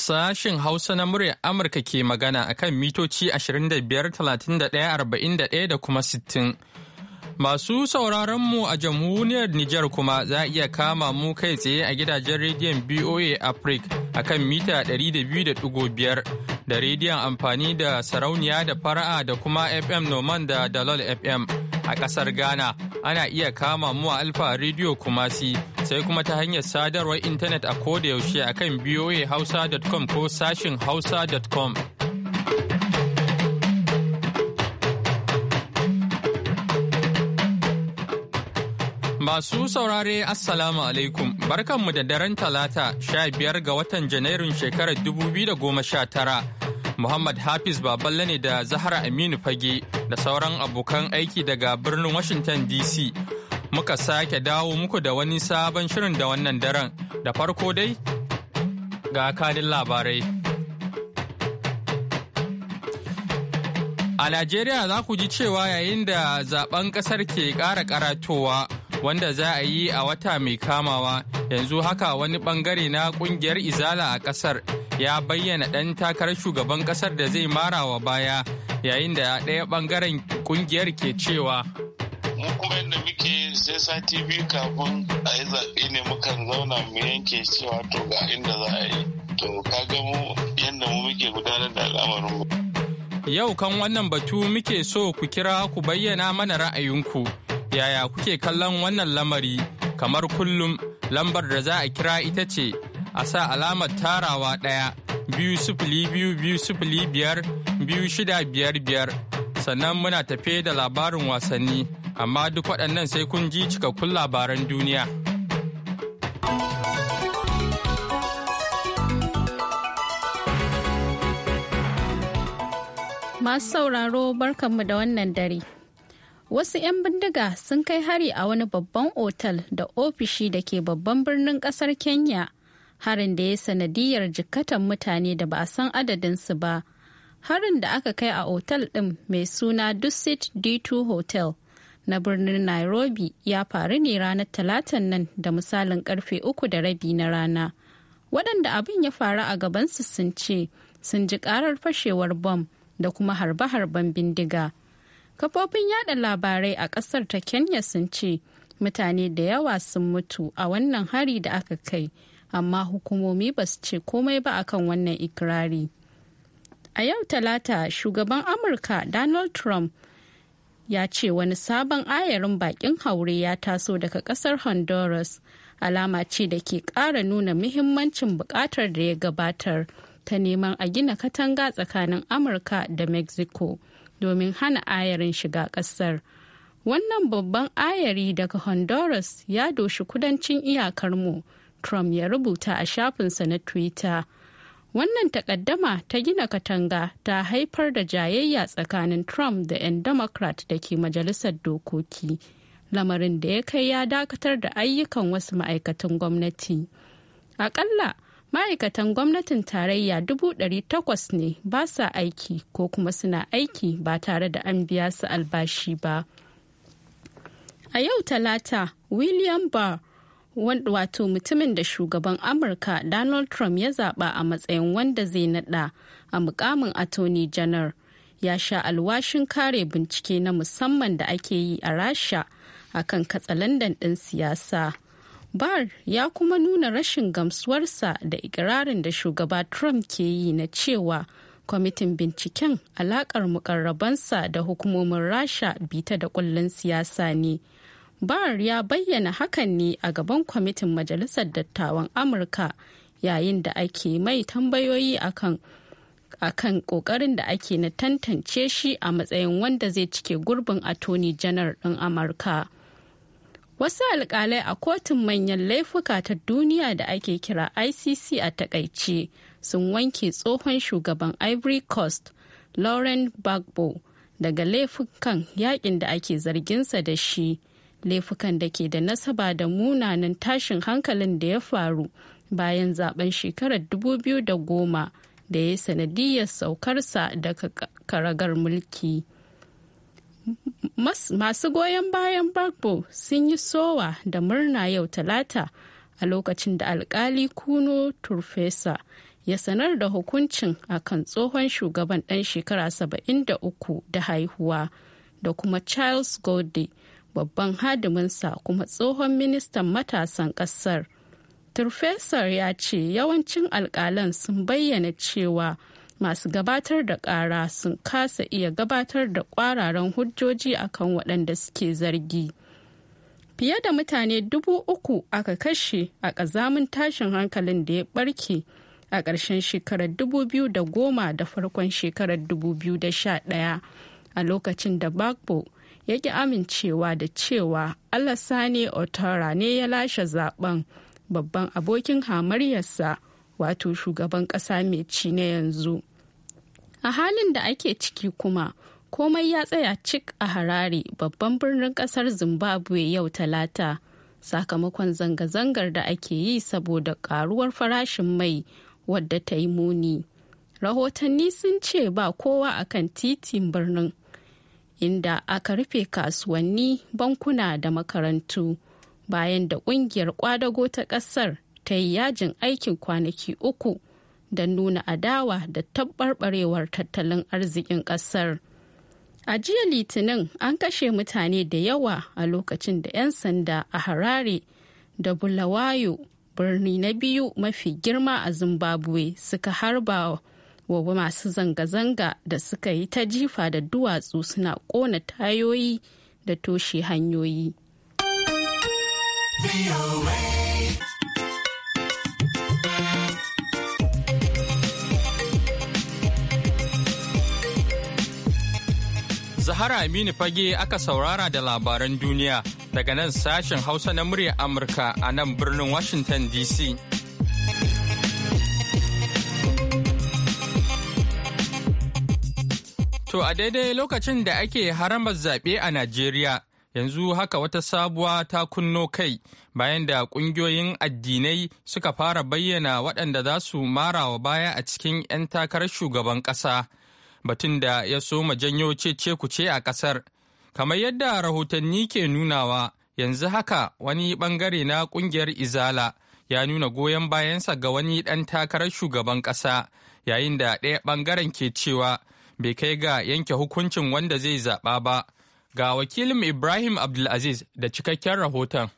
Sashin Hausa na muryar Amurka ke magana a kan mitoci 25,31,41 da kuma 60. Masu sauraronmu a jamhuriyar Nijar kuma za a iya kama mu kai tsaye a gidajen rediyon BOA Africa a kan mita 200.5 da rediyon amfani da sarauniya da fara'a da kuma FM Noman da Dalol FM. a ƙasar Ghana ana iya kama mu a Alfa Radio Kumasi sai kuma ta hanyar sadarwar intanet a yaushe a kan hausa.com ko sashin hausa.com. Masu saurare Assalamu alaikum barkanmu da daren talata sha biyar ga watan Janairun shekarar 2019. Muhammad Hafiz Baballe ne da Zahra Aminu Fage da sauran abokan aiki daga birnin Washington DC. Muka sake dawo muku da wani sabon shirin da wannan daren. Da farko dai ga kadin labarai. A Najeriya za ku ji cewa yayin da zaben ƙasar ke ƙara karatowa wanda za a yi a wata mai kamawa yanzu haka wani ɓangare na ƙungiyar izala a ƙasar. ya bayyana ɗan takarar shugaban ƙasar da zai mara wa baya yayin da ɗaya ɓangaren ƙungiyar ke cewa mu yadda muke sai sati kafin a yi zaɓe ne mukan zauna mu yanke cewa to ga inda za a yi to kaga mu yadda muke gudanar da al'amarin mu. Yau kan wannan batu muke so ku kira ku bayyana mana ra'ayinku yaya kuke kallon wannan lamari kamar kullum lambar da za a kira ita ce a sa alamar tarawa ɗaya biyu sufuli biyu biyu sufuli biyar biyu shida biyar biyar sannan muna tafe da labarin wasanni amma duk waɗannan sai kun ji cikakkun labaran duniya. Masu sauraro barkanmu da wannan dare. Wasu 'yan bindiga sun kai hari a wani babban otal da ofishi da ke babban birnin kasar Kenya harin da ya sanadiyar jikkatan mutane da ba a san adadinsu ba harin da aka kai a otal ɗin mai suna dusit d2 hotel na birnin nairobi ya faru ne ranar talatan nan da misalin karfe uku da rabi na rana waɗanda abin ya faru a gabansu sun ce sun ji karar fashewar bom da kuma harbe-harben bindiga kafofin yada labarai a ƙasar ta kenya sun ce mutane da yawa sun mutu a wannan hari da aka kai amma hukumomi ba su ce komai ba akan wannan ikirari. A yau talata shugaban Amurka Donald Trump ya ce wani sabon ayarin bakin haure ya taso daga kasar Honduras alama ce da ke kara nuna muhimmancin bukatar da ya gabatar ta neman a gina katanga tsakanin Amurka da Mexico domin hana ayarin shiga kasar Wannan babban ayari daga Honduras ya doshi kudancin iyakarmu. Trump ya rubuta a shafinsa na Twitter. Wannan takaddama ta gina katanga ta haifar da jayayya tsakanin Trump da 'yan Democrat da ke Majalisar Dokoki, lamarin da ya kai ya dakatar da ayyukan wasu ma'aikatan gwamnati. Akalla ma'aikatan gwamnatin tarayya dubu ɗari takwas ne ba sa aiki ko kuma suna aiki ba tare da an biya su albashi ba. A yau Talata, William Barr wato mutumin da shugaban amurka donald trump ya zaba a matsayin wanda zai nada a mukamin attorney janar ya sha alwashin kare bincike na musamman da ake yi a rasha a akan katsalandan ɗin siyasa bar ya kuma nuna rashin gamsuwarsa da ikirarin da shugaba trump ke yi na cewa kwamitin binciken alakar mukarrabansa da hukumomin rasha bita da kullun siyasa ne Barr ya bayyana hakan ne a gaban kwamitin Majalisar Dattawan Amurka yayin da ake mai tambayoyi akan kan kokarin da ake na tantance shi a matsayin wanda zai cike gurbin attorney Janar ɗin amurka wasu alkalai a kotun manyan laifuka ta duniya da ake kira icc a takaice sun wanke tsohon shugaban ivory coast lauren gbagbo daga laifukan yakin da ake zarginsa da shi laifukan da ke da nasaba da munanan tashin hankalin da ya faru bayan zaben shekarar 2010 da ya sanadiyar saukarsa daga karagar mulki. masu goyon bayan Bagbo sun yi sowa da murna yau talata a lokacin da alkali kuno turfesa ya sanar da hukuncin akan tsohon shugaban dan shekara 73 da haihuwa da kuma charles gode babban hadiminsa kuma tsohon ministan matasan ƙasar. Turfesar ya ce yawancin alƙalan sun bayyana cewa masu gabatar da ƙara sun kasa iya gabatar da ƙwararan hujjoji akan waɗanda suke zargi. Fiye da mutane dubu uku aka kashe a ƙazamin tashin hankalin da ya ɓarke a ƙarshen shekarar dubu biyu da goma da farkon shekarar dubu biyu da sha ɗaya a lokacin da Bagbo ya ki amincewa da cewa Alassane otara ne ya lashe zaben babban abokin hamaryarsa wato shugaban ƙasa mai ci na yanzu. A halin da ake ciki kuma, komai ya tsaya cik a harare babban birnin ƙasar Zimbabwe yau talata. Sakamakon zanga-zangar da ake yi saboda ƙaruwar farashin mai wadda ta yi muni. Rahotanni sun ce ba kowa akan titin birnin inda aka rufe kasuwanni bankuna da makarantu bayan da ƙungiyar kwadago ta ƙasar ta yi yajin aikin kwanaki uku da nuna adawa da tabbarbarewar tattalin arzikin ƙasar. a jiya litinin an kashe mutane da yawa a lokacin da 'yan sanda a harare da bulawayo birni na biyu mafi girma a zimbabwe suka harba wa masu zanga-zanga da suka yi ta jifa da duwatsu suna ƙona tayoyi da toshe hanyoyi. Zahara Aminu Fage aka saurara da labaran duniya daga nan sashen Hausa na murya Amurka a nan birnin Washington DC. To a daidai lokacin da ake haramar zaɓe a Najeriya, yanzu haka wata sabuwa ta kunno kai bayan da ƙungiyoyin addinai suka fara bayyana waɗanda za su marawa baya a cikin 'yan takarar shugaban ƙasa, batun da ya so ma janyo cece kuce a ƙasar. Kamar yadda rahotanni ke nunawa, yanzu haka wani ɓangare na ƙungiyar Izala ya nuna goyon bayansa ga wani ɗan takarar shugaban ƙasa, yayin da ɗaya ɓangaren ke cewa bai kai ga yanke hukuncin wanda zai zaɓa ba. Ga wakilin Ibrahim Abdulaziz da cikakken rahoton.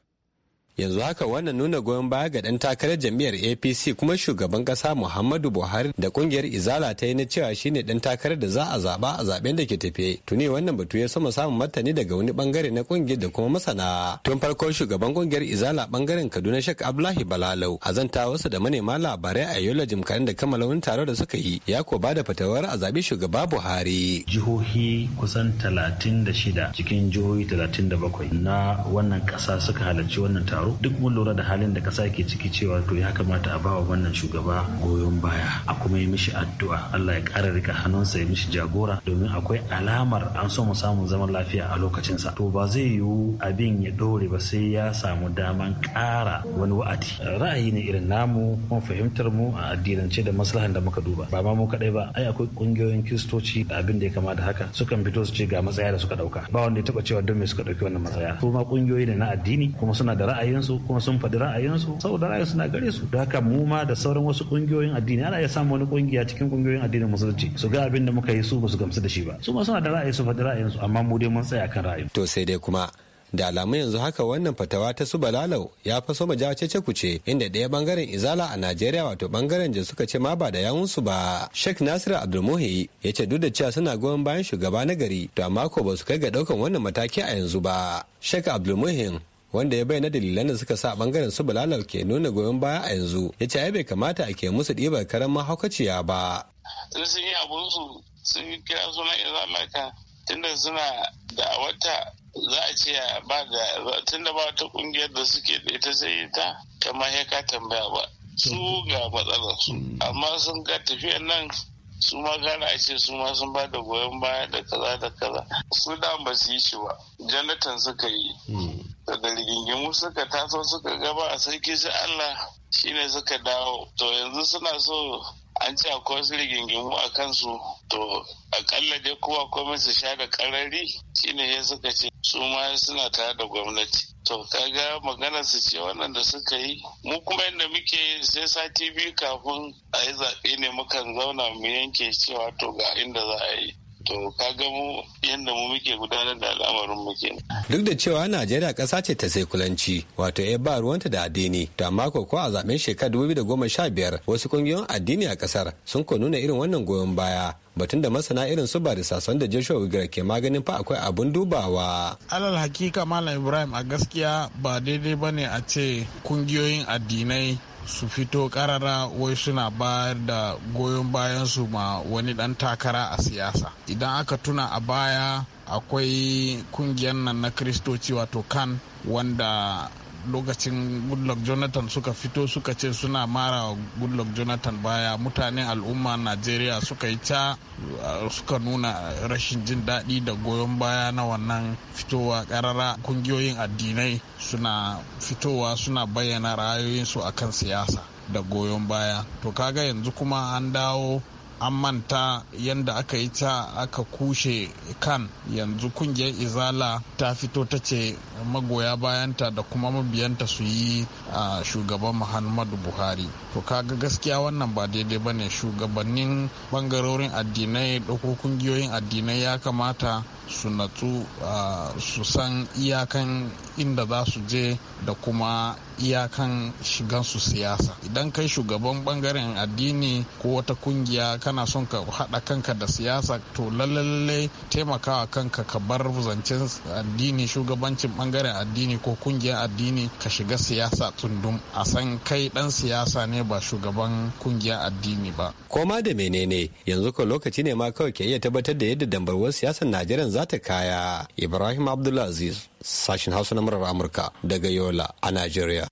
yanzu haka wannan nuna goyon baya ga dan takarar jam'iyyar apc kuma shugaban kasa muhammadu buhari da kungiyar izala ta yi na cewa shine dan takarar da za a zaba a zaben da ke tafe tuni wannan batu ya sama samun martani daga wani bangare na kungiyar da kuma masana tun farko shugaban kungiyar izala bangaren kaduna shek abdullahi balalau a zanta wasu da manema labarai a yola jimkarin da kammala wani taro da suka yi ya ko bada fatawar a zabi shugaba buhari jihohi kusan talatin da shida cikin jihohi talatin da bakwai na wannan kasa suka halarci wannan taro taro duk mun lura da halin da kasa ke ciki cewa to ya kamata a bawa wannan shugaba goyon baya a kuma yi mishi addu'a Allah ya ƙara rika hannunsa ya mishi jagora domin akwai alamar an so mu samu zaman lafiya a lokacinsa to ba zai yiwu abin ya dore ba sai ya samu daman ƙara wani wa'adi ra'ayi ne irin namu kuma fahimtar mu a addinance da maslahan da muka duba ba ma mu kadai ba ai akwai ƙungiyoyin kiristoci da abin da ya kama da haka sukan fito su ce ga matsaya da suka ɗauka ba wanda ya taba cewa don me suka ɗauki wannan matsaya kuma ƙungiyoyi ne na addini kuma suna da ra'ayi ra'ayinsu kuma sun faɗi ra'ayinsu saboda ra'ayinsu na gare su da haka mu ma da sauran wasu ƙungiyoyin addini ana iya samun wani ƙungiya cikin ƙungiyoyin addinin musulunci su ga abin da muka yi su ba su gamsu da shi ba su ma suna da ra'ayi su faɗi ra'ayinsu amma mu dai mun tsaya kan ra'ayin to sai dai kuma da alamu yanzu haka wannan fatawa ta su balalau ya fa so majawa ku kuce inda ɗaya bangaren izala a najeriya wato bangaren da suka ce ma ba da yawun su ba sheikh nasiru abdulmuhi ya ce duk da cewa suna goyon bayan shugaba na gari to amma ko ba su kai ga ɗaukan wannan mataki a yanzu ba sheikh abdulmuhi wanda ya bayyana dalilan da suka sa bangaren su bulalau ke nuna goyon baya a yanzu ya ce bai kamata a ke musu ɗibar karan mahaukaciya ba. in sun yi abunsu sun kira suna izalaka tunda suna da wata za a ce ba da tunda ba ta kungiyar da suke da ita sai ta kamar ya ka tambaya ba su ga matsalar su amma sun ga tafiyar nan su ma gana a ce su ma sun ba da goyon baya da kaza da kaza su da ba su yi shi ba janatan suka yi hmm. da rigingimu suka taso suka gaba a sarki shi Allah shine suka dawo to yanzu suna so an ci akwai wasu rigingimu a kansu to akalla dai kowa komai su sha da karari shine ya suka ce su ma suna tare da gwamnati to kaga magana su ce wannan da suka yi mu kuma yadda muke sai sati biyu kafin a yi zaɓe ne mukan zauna mu yanke cewa to ga inda za a yi to ka ga mu yadda mu muke gudanar da al'amarin mu ke duk da cewa najeriya ƙasa ce ta kulanci wato ya eh, ba ruwanta da addini to amma ko a zaben shekarar 2015 wasu kungiyoyin addini a ƙasar sun ko nuna irin wannan goyon baya batun da masana irin su ba da sason da joshua wigar ke maganin fa akwai abun dubawa alal hakika malam ibrahim a gaskiya ba daidai ba ne a ce kungiyoyin addinai su fito karara wai suna bayar da goyon bayansu ma wani dan takara a siyasa idan aka tuna a baya akwai kungiyar nan na kristoci wato kan wanda lokacin goodluck jonathan suka fito suka ce suna mara wa goodluck jonathan baya mutanen al'umma najeriya suka yi ta uh, suka nuna rashin jin daɗi da goyon baya na wannan fitowa ƙarara kungiyoyin addinai suna fitowa suna bayyana ra'ayoyinsu akan siyasa da goyon baya to kaga yanzu kuma an dawo an manta yadda aka yi ta aka kushe kan yanzu kungiyar izala ta fito ta ce magoya bayanta da kuma mabiyanta su yi a shugaban muhammadu buhari to kaga gaskiya wannan ba daidai ba ne shugabannin bangarorin addinai ko kungiyoyin addinai ya kamata su natsu su san iyakan inda za su je da kuma iyakan su siyasa idan kai shugaban bangaren addini ko wata kungiya kana son ka hada kanka da siyasa to lalle taimakawa kanka ka bar zancen addini shugabancin bangaren addini ko kungiyar addini ka shiga siyasa tundum a san kai dan siyasa ne ba shugaban kungiyar addini ba koma da menene yanzu ko lokaci ne ma kawai ke iya tabbatar da yadda dambarwar siyasar najeriya za ta kaya ibrahim abdulaziz sashen hausa na murar amurka daga yola a nigeria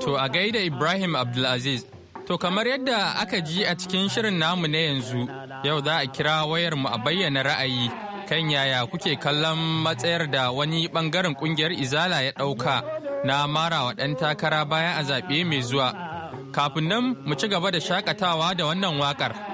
To a gaida Ibrahim Abdulaziz, to kamar yadda aka ji a cikin shirin namu na yanzu, yau za a kira wayar mu a bayyana ra'ayi kan yaya kuke kallon matsayar da wani bangaren kungiyar Izala ya ɗauka na mara wa ɗan takara bayan a zaɓe mai zuwa. Kafin nan mu ci gaba da shakatawa da wannan waƙar.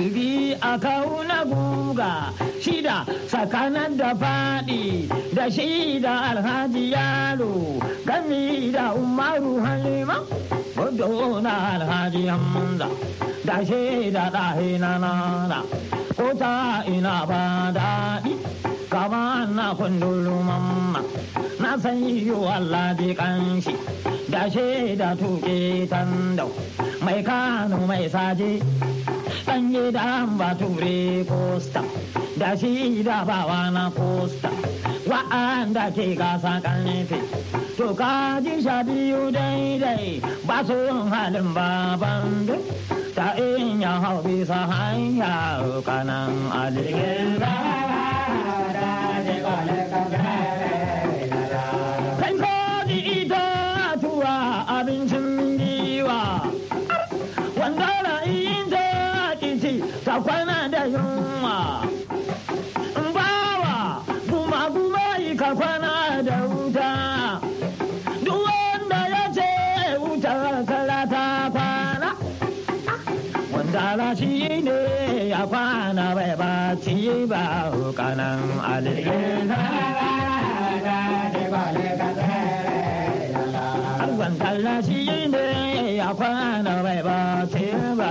Jirgi a kauna guga shida tsakanin da faɗi da shida alhaji yaro gami da umaru halima gudu na alhaji hamza da shida ɗahe na nana ko ta ina ba daɗi kama na kundulu mamma na san yiwu wa bi kanshi da shida tuke tandau mai kano mai saje sanyi da ba posta da shi da bawa na kosta wa'anda ke gasa karfe to ka ji sha biyu daidai ba su halin baban duk ta in ya hau bisa hanya kanan alikin Abincin ba shi ne bai ba shi ba shi ne a kwana bai ba shi ba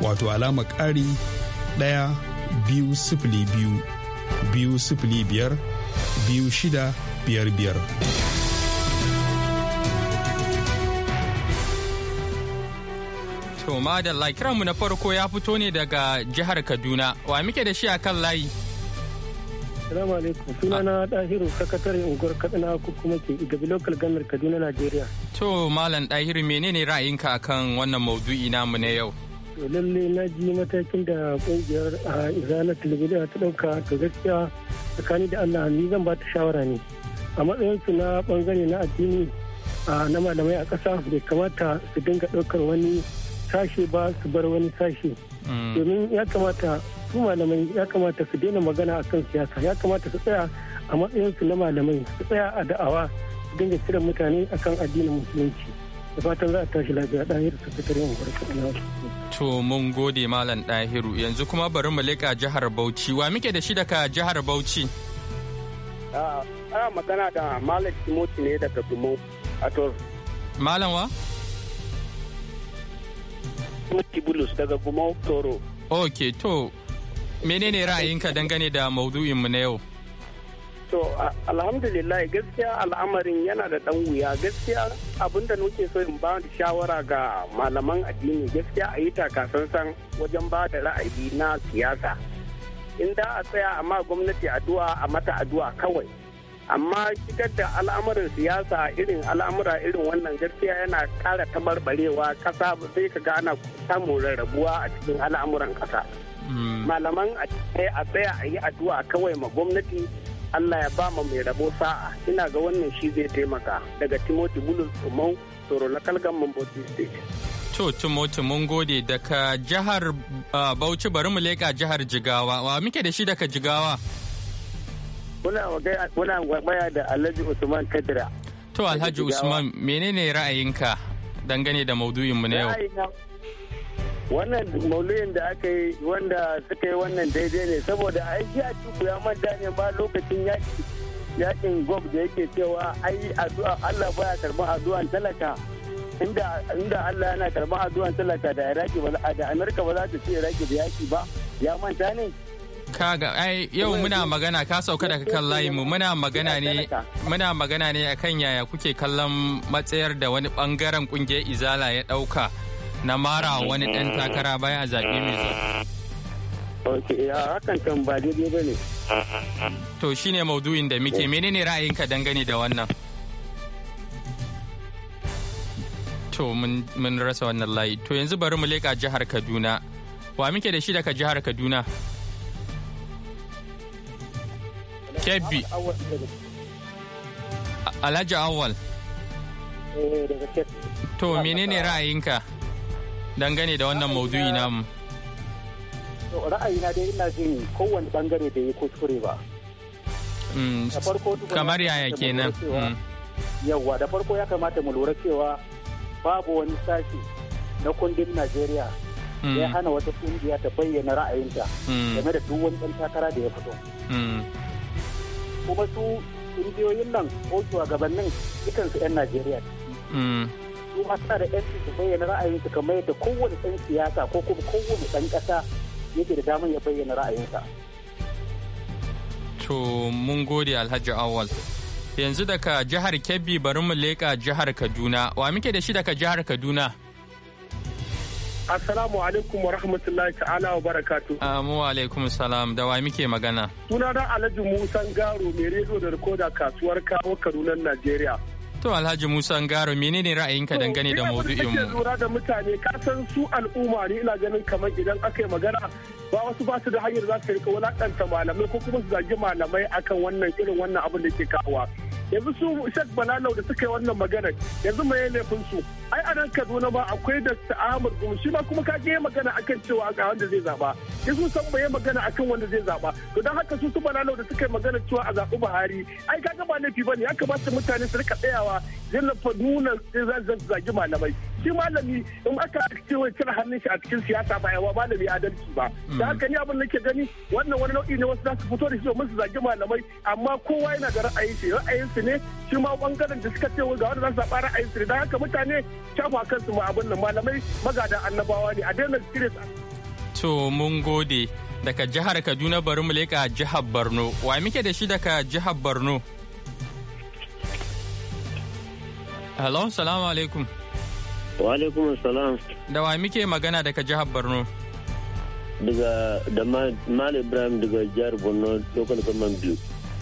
wato alama ƙari ɗaya biyu sifili biyu biyu sifili biyar biyu shida biyar biyar. To da kiranmu na farko ya fito ne daga jihar Kaduna wa muke da shi a kan layi. Salamu alaikum sunana Dahiru sakatare unguwar Katsina kuma ke bi Local Government Kaduna Najeriya. To Malam ɗahiru menene ra'ayinka akan wannan maudu'i namu na yau? to lalle na ji matakin da kungiyar a izana talibijin ta ɗauka to gaskiya tsakanin da allah ni zan ba ta shawara ne a matsayinsu na bangare na addini na malamai a ƙasa bai kamata su dinga ɗaukar wani sashe ba su bar wani sashe mm. domin ya kamata su malamai ya kamata su daina magana a kan siyasa ya kamata su tsaya a matsayinsu na malamai su tsaya a da'awa su dinga cire mutane akan addinin musulunci fatan za a tashi lafiya ɗahiru su fitar yin barka To mun gode Malam Ɗahiru yanzu kuma bari mu leƙa jihar Bauchi wa muke da shi daga jihar Bauchi. Ah, ana magana da Malam Timoti ne daga Gumo Ator. Malam wa? Timoti Bulus daga Gumo Toro. Ok to menene ra'ayinka dangane da maudu'inmu na yau? to alhamdulillah gaskiya al'amarin yana da dan wuya gaskiya abinda nake so in ba da shawara ga malaman addini gaskiya a yi takasansan wajen ba da ra'ayi na siyasa in da a tsaya amma gwamnati addu'a a mata addu'a kawai amma shigar da al'amuran siyasa irin al'amura irin wannan gaskiya yana kara tabarbarewa kasa sai ka ga ana samun rarrabuwa a cikin al'amuran kasa mm. malaman a tsaya a yi addu'a kawai ma gwamnati Allah ya ba mu mai rabo sa'a ina ga wannan shi zai taimaka daga Timothy Bulus Umau Toro na Kalgan Mamboti State. To Timothy mun gode daga jihar uh, Bauchi bari mu leƙa jihar Jigawa wa muke da shi daga Jigawa. Muna waya da Alhaji Usman Kadira. To Alhaji Usman menene ra'ayinka dangane da maudu'inmu na yau? wannan mauluyin da aka yi wanda suka yi wannan daidai ne saboda a yi a cikin ya manta ne ba lokacin yakin yakin gob da yake cewa ai addu'a Allah baya karban addu'an talaka inda inda Allah yana karban addu'an talaka da Iraki ba da Amerika ba za ta ci Iraki da yaki ba ya manta ne kaga ai yau muna magana ka sauka daga kan layin mu muna magana ne muna magana ne akan yaya kuke kallon matsayar da wani bangaren kungiyar izala ya dauka na mara mm-hmm. wani ɗan takara baya a zaɓe mai zuwa. Ok, hakan kan ba daidai ba ne. To shi ne maudu'in da muke menene ra'ayinka dangane da wannan? To mun rasa wannan layi. To yanzu bari mu leƙa jihar Kaduna. Wa muke da shi daga jihar Kaduna? Kebbi. Alhaji Awal. Eh, to menene ra'ayinka? dangane da wannan maudu'i namu ra'ayina dai ina jin kowane bangare da yi kuskure ba mm, kamar yaya kenan mm. yawwa da farko ya kamata mu lura cewa babu wani sashi na kundin najeriya ya mm. hana wata kungiya ta bayyana ra'ayinta game da duk wani takara da ya fito kuma su kungiyoyin nan ko shugabannin ikansu 'yan najeriya su ma suna da yanci su bayyana ra'ayinsu kamar yadda kowane ɗan siyasa ko kuma kowane ɗan ƙasa yake da damar ya bayyana ra'ayinsa. To mun gode Alhaji Awal. Yanzu daga jihar Kebbi bari mu leƙa jihar Kaduna. Wa muke da shi daga jihar Kaduna? Assalamu alaikum wa rahmatullahi ta'ala wa barakatu. Amu ah, alaikum salam da wa muke magana? da Alhaji Musan Garo mai rediyo da rikoda kasuwar kawo Kaduna Najeriya. To Alhaji Musa Ngaro menene ra'ayinka dangane da maudu'in mu? Ina lura da mutane ka san su al'umma ne ina ganin kamar idan aka yi magana ba wasu ba su da hanyar za su rika wulakanta malamai ko kuma su zagi malamai akan wannan irin wannan abin da ke kawowa. yanzu su Sheikh balalau da suka yi wannan magana yanzu mai laifin su ai a nan kaduna ba akwai da ahmad Gumu shi ma kuma ka yi magana akan cewa ga wanda zai zaba in su san bai magana akan wanda zai zaba to dan haka su su balalau da suka yi magana cewa a zaɓi buhari ai kaga ba laifi bane ya kamata mutane su rika tsayawa yawa yana fa nuna zagi malamai shi malami in aka cewa cire hannun shi a cikin siyasa ba yawa malami adalci ba da haka ni abin nake gani wannan wani nau'i ne wasu za su fito da shi domin su zagi malamai amma kowa yana da ra'ayin shi ra'ayin su ne shi ma bangaren da suka ce ga wanda za su zaɓa ra'ayin su ne da haka mutane shafa kansu ma abin nan malamai magadan annabawa ne a daina cire to mun gode daga jihar kaduna bari mu leka jihar borno wa muke da shi daga jihar borno Hello, salamu alaikum. Wa alaikum salam. Da wa muke magana daga jihar Borno? Daga da Malam Ibrahim daga jihar Borno local government biyu.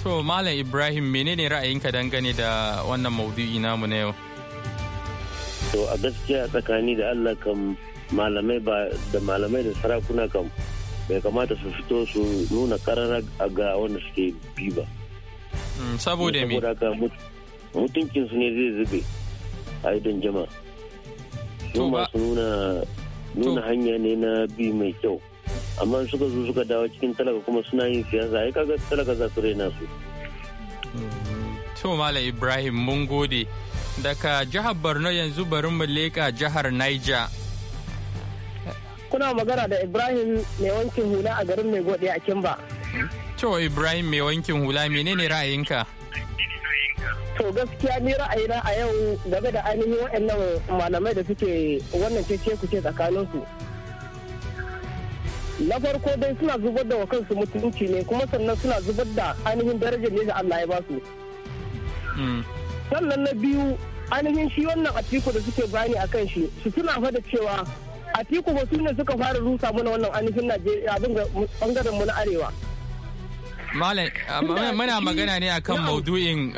To Malam Ibrahim menene ra'ayinka dangane da wannan maudu'i namu na yau? To a gaskiya tsakani da Allah kan malamai ba da malamai da sarakuna kam bai kamata su fito su nuna karara ga wanda suke bi ba. Mm, saboda me? Saboda mutuncinsu ne zai zube. aidan don nuna hanya ne na bi mai kyau amma suka zo suka dawo cikin talaka kuma suna yin siyasa ai kaga talaka za su raina su to malam ibrahim mun gode daga jihar borno yanzu bari mu leƙa jihar niger kuna magana da ibrahim mai wankin hula a garin mai gode a kimba to ibrahim mai wankin hula menene ra'ayinka to gaskiya ni ra'ayina a yau game da ainihin waɗannan malamai da suke wannan cece ce tsakaninsu na farko dai suna zubar da wa kansu mutunci ne kuma sannan suna zubar da ainihin darajar ne da Allah ya basu hmm. sannan na biyu ainihin shi wannan atiku da suke bayani akan shi su suna fada cewa atiku ba su ne suka fara rusa mana wannan ainihin abin bangaren mu na arewa Malam, muna magana ne akan maudu'in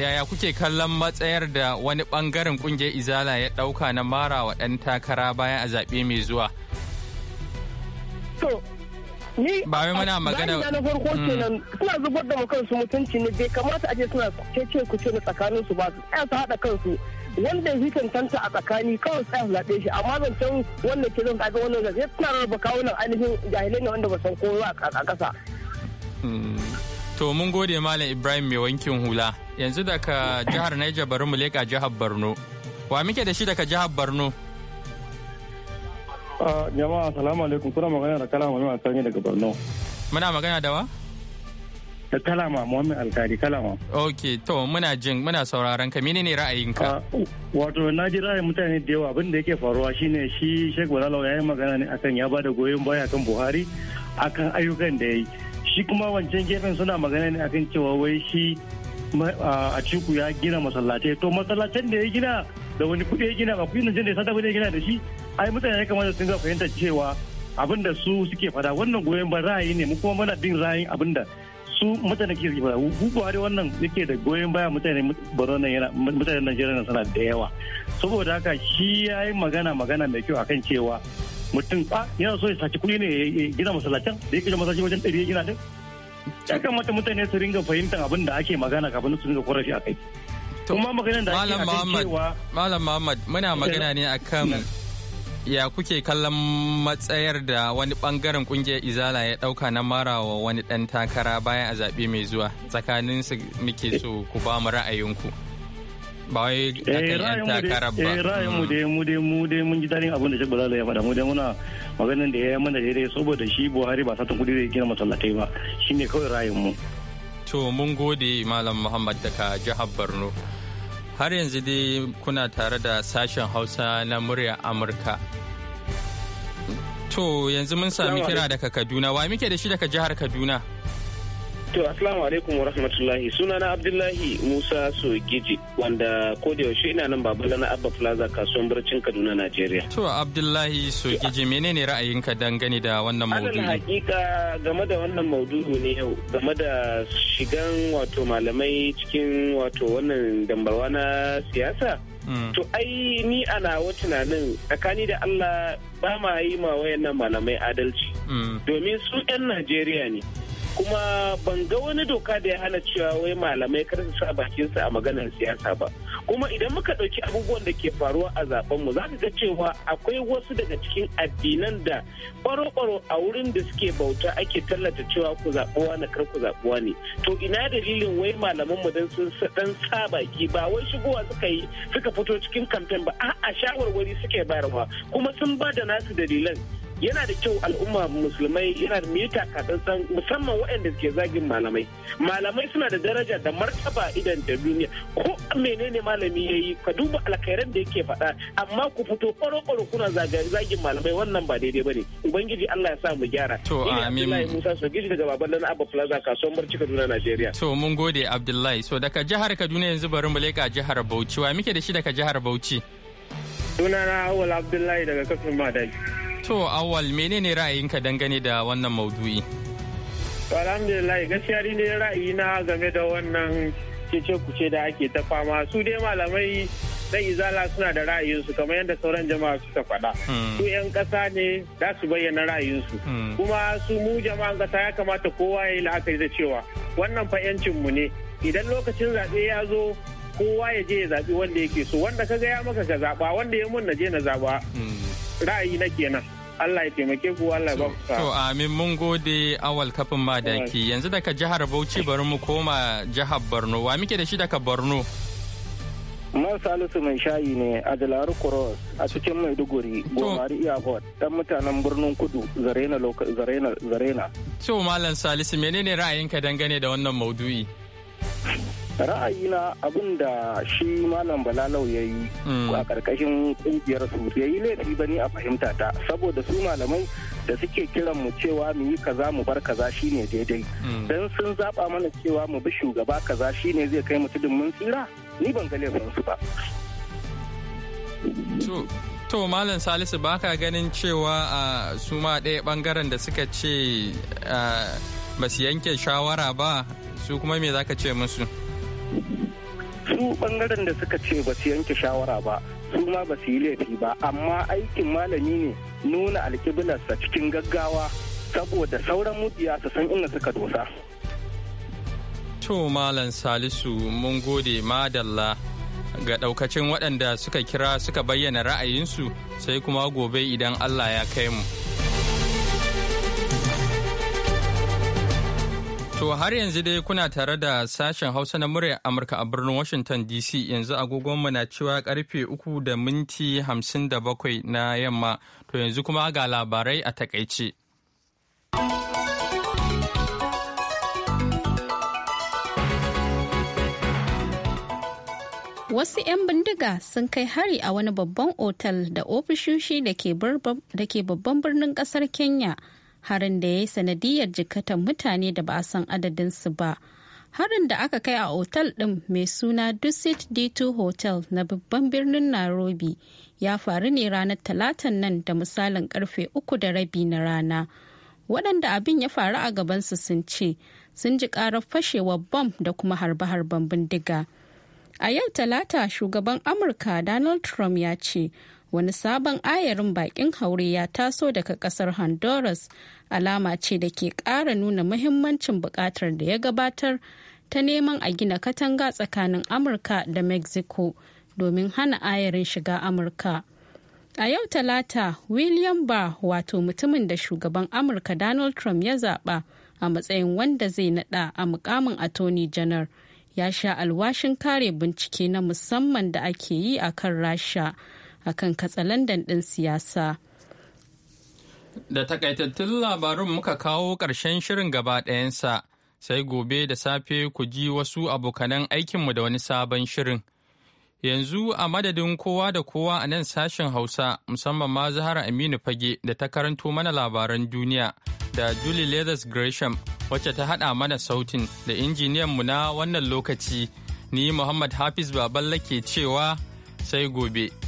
yaya kuke kallon matsayar da wani bangaren kungiyar Izala ya dauka na mara wa ɗan takara bayan a zaɓe mai zuwa. ba wai muna magana ba. na farko mm. kenan suna zubar da kansu mutunci ne bai kamata a ce suna kece kuce ce na tsakaninsu ba su haɗa kansu. wanda ya tantanta a tsakani kawai sai zaɓe shi amma zancen wanda ke zan kaga wannan zaɓe suna rarraba kawunan ainihin jahilai ne wanda ba san ko a ƙasa. Hmm. To mun gode Malam Ibrahim mai wankin hula yanzu daga jihar Niger bari mu leƙa jihar Borno. Wa muke da shi daga jihar Borno? Ah, jama'a salamu alaikum kuna magana da kala mai daga Borno. Muna magana da wa? kalama muhammed alkali kalama ok to muna jin muna sauraron ka menene ra'ayinka ah, wato na ji ra'ayin mutane da yawa abin da yake faruwa shine shi sheikh walalau ya yi magana ne akan ya bada goyon baya kan buhari akan ayyukan da ya yi shi kuma wancan gefen suna magana ne akan cewa wai shi a ciku ya gina masallatai to masallatan da ya gina da wani kuɗi ya gina ba kuɗin da ya sata ya gina da shi ai mutane ya kamata sun ga fahimtar cewa abin da su suke fada wannan goyon ba ra'ayi ne mu kuma muna bin ra'ayin abin da su mutane ke ba buhari wannan yake da goyon baya mutane barona yana mutane najeriya suna da yawa saboda haka shi ya yi magana magana mai kyau akan cewa mutum a ah, yana so ya saci kuɗi ne ya gina masallacin da ya gina masallaci wajen ɗari ya gina din ya kamata mutane su ringa fahimtar abin da ake magana kafin su ringa korafi a kai. Malam cewa Malam Muhammad, muna magana ne akan ya kuke kallon matsayar da wani bangaren kungiyar izala ya dauka na marawa wani dan takara bayan a zaɓe mai zuwa tsakanin su muke so ku ba mu ra'ayinku ba wai eh, akan yan takara ba eh ra'ayinmu mm. dai mu dai mu dai mun ji dadin abin da shi bala ya faɗa mu dai muna maganin da ya yi mana daidai saboda shi Buhari ba satan kudi zai gina masallatai ba shine kawai ra'ayinmu to mun gode malam Muhammad daga jihar Borno har yanzu dai kuna tare da sashen hausa na murya amurka to yanzu mun sami kira daga kaduna wa muke da shi daga jihar kaduna To assalamu alaikum wa sunana Abdullahi Musa Sogiji wanda ko da yaushe ina nan babala na Abba Plaza kasuwar barcin Kaduna Najeriya. To Abdullahi Sogiji menene ra'ayinka dangane da wannan maudu'i? Ana hakika game da wannan maudu'i ne yau game da shigan wato malamai cikin wato wannan dambarwa na siyasa. Hmm. To ai ni ana tunanin tsakani da Allah ba ma yi ma wayannan malamai adalci. Hmm. Domin su 'yan Najeriya ne. kuma ban ga wani doka da ya hana cewa wai malamai kar su sa su a maganar siyasa ba kuma idan muka ɗauki abubuwan da ke faruwa a zaben mu za ka ga cewa akwai wasu daga cikin addinan da baro-baro a wurin da suke bauta ake tallata cewa ku zaɓuwa na kar ku zaɓuwa ne to ina dalilin wai malaman mu dan sun dan sa baki ba wai shigowa suka yi suka fito cikin kamfen ba a'a shawarwari suke bayarwa kuma sun ba da nasu dalilan yana da kyau al'umma musulmai yana da mita kaɗan musamman waɗanda ke zagin malamai malamai suna da daraja da martaba idan da duniya ko menene malami ya yi ka duba alkhairan da yake faɗa amma ku fito ƙwaro-ƙwaro kuna zagin malamai wannan ba daidai bane ubangiji Allah ya sa mu gyara to amin Musa Sogiji daga baban lana Abba Plaza kasuwar Barci Kaduna Najeriya to mun gode Abdullahi so daga jihar Kaduna yanzu bari mu leƙa jihar Bauchi wa muke da shi daga jihar Bauchi sunana Awul Abdullahi daga kafin Madaki To awal menene ra'ayinka dangane da wannan maudu'i? Alhamdulillah gaskiya ni ne ra'ayina game da wannan cece kuce da ake ta fama su dai malamai na izala suna da ra'ayinsu kamar yadda sauran jama'a suka faɗa. Hmm. Su 'yan ƙasa ne za su bayyana ra'ayinsu. Hmm. Kuma su mu jama'an ƙasa ya kamata kowa ya yi la'akari da cewa wannan fayancin mu ne. Idan lokacin zaɓe ya zo kowa ya je ya zaɓi wanda yake so wanda ka gaya maka ka zaɓa wanda ya mun na je na zaɓa ra'ayi na kenan Allah ya taimake ku Allah ya ba ku To amin mun gode awal kafin ki yanzu daga jihar Bauchi bari mu koma jihar Borno wa muke da shi daga Borno Mun Salisu mai shayi ne a Jalaru Cross a cikin Maiduguri, Gomari Airport, dan mutanen birnin Kudu, Zarena Zarena Zarena. To Malam Salisu menene ra'ayinka dangane da wannan maudu'i? ra'ayina abin da shi malam balalau ya yi hmm. a karkashin kungiyar su ya yi laifi ba ni a fahimta ta saboda su malamai da suke kiran mu cewa mu yi kaza mu bar kaza shine daidai hmm. dan sun zaba mana cewa mu bi shugaba kaza shine zai kai mu tudun tsira ni ban ga laifin su ba to malam salisu ba ka ganin cewa su ma ɗaya bangaren da suka ce ba su yanke shawara ba su kuma me zaka ce musu su bangaren da suka ce ba su yanke shawara ba su ma ba su yi laifi ba amma aikin malami ne nuna alkiblarsa cikin gaggawa saboda sauran mutiya su san inda suka dosa. To Malam Salisu mun gode madalla ga daukacin waɗanda suka kira suka bayyana ra'ayinsu sai kuma gobe idan Allah ya kai mu. To har yanzu dai kuna tare da sashen Hausa na muryar Amurka a birnin Washington DC yanzu agogonmu na cewa karfe uku da minti hamsin da bakwai na yamma to yanzu kuma ga labarai a takaice. Wasu 'yan bindiga sun kai hari a wani babban otal da ofishoshi da ke babban birnin kasar Kenya. harin da ya yi sanadiyar jikatan mutane da ba a san adadinsu ba harin da aka kai a otal ɗin mai suna dusit d2 hotel na babban birnin nairobi ya faru ne ranar talatan nan da misalin karfe uku da rabi na rana waɗanda abin ya faru a gabansu sun ce sun ji ƙarar fashewar bom da kuma harbe-harben bindiga a yau talata shugaban amurka donald trump ya ce wani sabon ayarin bakin haure ya taso daga kasar honduras alama ce da ke kara nuna muhimmancin bukatar da ya gabatar ta neman a gina katanga tsakanin amurka da mexico domin hana ayarin shiga amurka a yau talata william barr wato mutumin da shugaban amurka donald trump ya zaba a matsayin wanda zai nada a mukamin attorney general ya sha alwashin kare bincike na musamman da ake yi a kan rasha akan katsalandan ɗin siyasa. Da takaitattun labarun muka kawo ƙarshen shirin gaba ɗayansa, sai gobe da safe ku ji wasu abokanan aikinmu da wani sabon shirin. Yanzu a madadin kowa da kowa a nan sashen Hausa, musamman ma Zahara Aminu Fage da ta karanto mana labaran duniya da Julie Leathers Gresham wacce ta haɗa mana sautin da mu na wannan lokaci, ni Muhammad Hafiz Baballa ke cewa sai gobe.